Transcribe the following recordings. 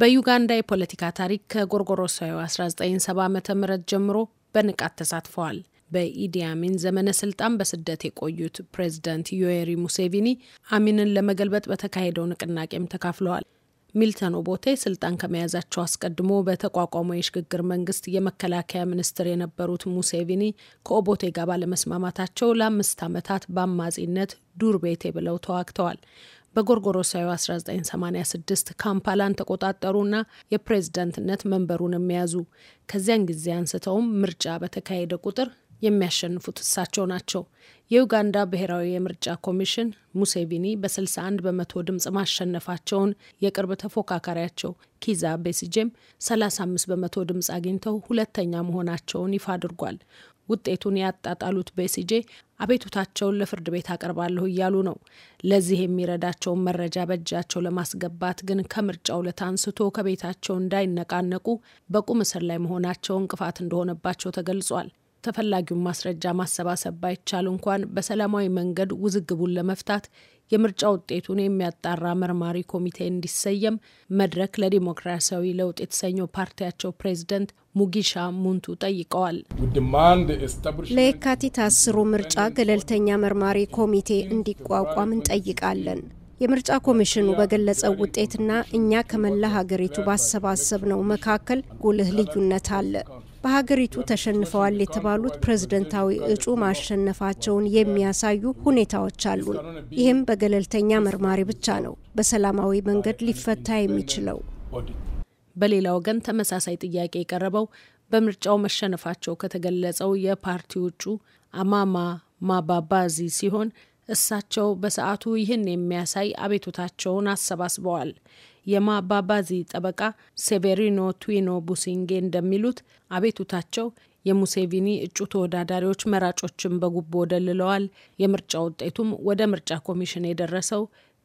በዩጋንዳ የፖለቲካ ታሪክ ከጎርጎሮሳዊ 1970 ዓ ም ጀምሮ በንቃት ተሳትፈዋል። በኢዲያሚን ዘመነ ስልጣን በስደት የቆዩት ፕሬዚደንት ዮዌሪ ሙሴቪኒ አሚንን ለመገልበጥ በተካሄደው ንቅናቄም ተካፍለዋል። ሚልተን ኦቦቴ ስልጣን ከመያዛቸው አስቀድሞ በተቋቋመው የሽግግር መንግስት የመከላከያ ሚኒስትር የነበሩት ሙሴቪኒ ከኦቦቴ ጋር ባለመስማማታቸው ለአምስት ዓመታት በአማጺነት ዱር ቤቴ ብለው ተዋግተዋል። በጎርጎሮሳዊ 1986 ካምፓላን ተቆጣጠሩና የፕሬዝዳንትነት መንበሩን የሚያዙ ከዚያን ጊዜ አንስተውም ምርጫ በተካሄደ ቁጥር የሚያሸንፉት እሳቸው ናቸው። የዩጋንዳ ብሔራዊ የምርጫ ኮሚሽን ሙሴቪኒ በ61 በመቶ ድምፅ ማሸነፋቸውን፣ የቅርብ ተፎካካሪያቸው ኪዛ ቤሲጄም 35 በመቶ ድምፅ አግኝተው ሁለተኛ መሆናቸውን ይፋ አድርጓል። ውጤቱን ያጣጣሉት በሲጄ አቤቱታቸውን ለፍርድ ቤት አቀርባለሁ እያሉ ነው። ለዚህ የሚረዳቸውን መረጃ በእጃቸው ለማስገባት ግን ከምርጫው ዕለት አንስቶ ከቤታቸው እንዳይነቃነቁ በቁም እስር ላይ መሆናቸው እንቅፋት እንደሆነባቸው ተገልጿል። ተፈላጊውን ማስረጃ ማሰባሰብ ባይቻል እንኳን በሰላማዊ መንገድ ውዝግቡን ለመፍታት የምርጫ ውጤቱን የሚያጣራ መርማሪ ኮሚቴ እንዲሰየም መድረክ ለዲሞክራሲያዊ ለውጥ የተሰኘው ፓርቲያቸው ፕሬዝደንት ሙጊሻ ሙንቱ ጠይቀዋል። ለየካቲት አስሩ ምርጫ ገለልተኛ መርማሪ ኮሚቴ እንዲቋቋም እንጠይቃለን። የምርጫ ኮሚሽኑ በገለጸው ውጤትና እኛ ከመላ ሀገሪቱ ባሰባሰብ ነው መካከል ጉልህ ልዩነት አለ። በሀገሪቱ ተሸንፈዋል የተባሉት ፕሬዝደንታዊ እጩ ማሸነፋቸውን የሚያሳዩ ሁኔታዎች አሉን። ይህም በገለልተኛ መርማሪ ብቻ ነው በሰላማዊ መንገድ ሊፈታ የሚችለው። በሌላ ወገን ተመሳሳይ ጥያቄ የቀረበው በምርጫው መሸነፋቸው ከተገለጸው የፓርቲ እጩ አማማ ማባባዚ ሲሆን እሳቸው በሰዓቱ ይህን የሚያሳይ አቤቱታቸውን አሰባስበዋል። የማባባዚ ጠበቃ ሴቬሪኖ ቱዊኖ ቡሲንጌ እንደሚሉት አቤቱታቸው የሙሴቪኒ እጩ ተወዳዳሪዎች መራጮችን በጉቦ ደልለዋል፣ የምርጫ ውጤቱም ወደ ምርጫ ኮሚሽን የደረሰው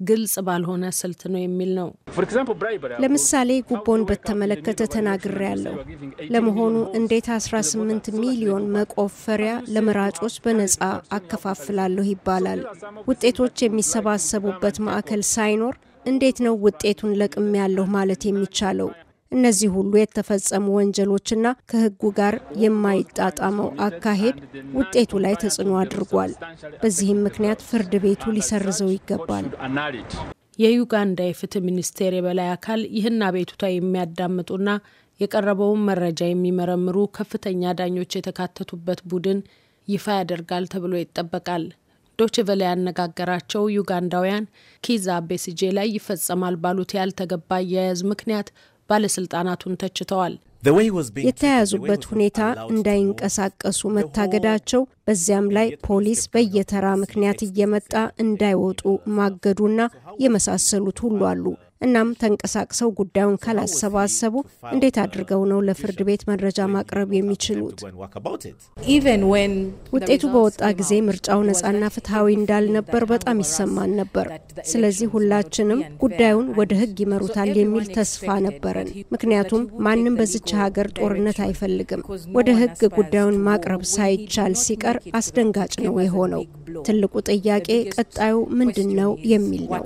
ግልጽ ባልሆነ ስልት ነው የሚል ነው። ለምሳሌ ጉቦን በተመለከተ ተናግሬ ያለው ለመሆኑ እንዴት 18 ሚሊዮን መቆፈሪያ ለመራጮች በነጻ አከፋፍላለሁ ይባላል? ውጤቶች የሚሰባሰቡበት ማዕከል ሳይኖር እንዴት ነው ውጤቱን ለቅም ያለሁ ማለት የሚቻለው? እነዚህ ሁሉ የተፈጸሙ ወንጀሎችና ከሕጉ ጋር የማይጣጣመው አካሄድ ውጤቱ ላይ ተጽዕኖ አድርጓል። በዚህም ምክንያት ፍርድ ቤቱ ሊሰርዘው ይገባል። የዩጋንዳ የፍትህ ሚኒስቴር የበላይ አካል ይህን አቤቱታ የሚያዳምጡና የቀረበውን መረጃ የሚመረምሩ ከፍተኛ ዳኞች የተካተቱበት ቡድን ይፋ ያደርጋል ተብሎ ይጠበቃል። ዶቼ ቬለ ያነጋገራቸው ዩጋንዳውያን ኪዛ ቤሲጄ ላይ ይፈጸማል ባሉት ያልተገባ አያያዝ ምክንያት ባለስልጣናቱን ተችተዋል። የተያያዙበት ሁኔታ እንዳይንቀሳቀሱ መታገዳቸው፣ በዚያም ላይ ፖሊስ በየተራ ምክንያት እየመጣ እንዳይወጡ ማገዱና የመሳሰሉት ሁሉ አሉ። እናም ተንቀሳቅሰው ጉዳዩን ካላሰባሰቡ እንዴት አድርገው ነው ለፍርድ ቤት መረጃ ማቅረብ የሚችሉት? ውጤቱ በወጣ ጊዜ ምርጫው ነፃና ፍትሐዊ እንዳልነበር በጣም ይሰማን ነበር። ስለዚህ ሁላችንም ጉዳዩን ወደ ሕግ ይመሩታል የሚል ተስፋ ነበረን። ምክንያቱም ማንም በዝች ሀገር ጦርነት አይፈልግም። ወደ ሕግ ጉዳዩን ማቅረብ ሳይቻል ሲቀር አስደንጋጭ ነው የሆነው። ትልቁ ጥያቄ ቀጣዩ ምንድን ነው የሚል ነው።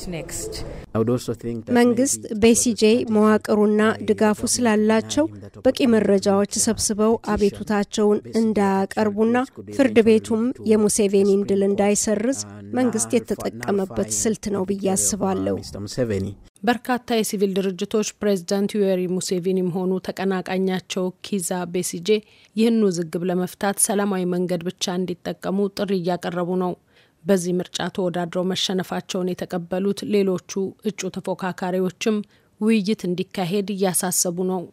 መንግስት በሲጄ መዋቅሩና ድጋፉ ስላላቸው በቂ መረጃዎች ሰብስበው አቤቱታቸውን እንዳያቀርቡና ፍርድ ቤቱም የሙሴቬኒን ድል እንዳይሰርዝ መንግስት የተጠቀመበት ስልት ነው ብዬ አስባለሁ። በርካታ የሲቪል ድርጅቶች ፕሬዚዳንት ዩዌሪ ሙሴቪኒ ሆኑ ተቀናቃኛቸው ኪዛ ቤሲጄ ይህን ውዝግብ ለመፍታት ሰላማዊ መንገድ ብቻ እንዲጠቀሙ ጥሪ እያቀረቡ ነው። በዚህ ምርጫ ተወዳድረው መሸነፋቸውን የተቀበሉት ሌሎቹ እጩ ተፎካካሪዎችም ውይይት እንዲካሄድ እያሳሰቡ ነው።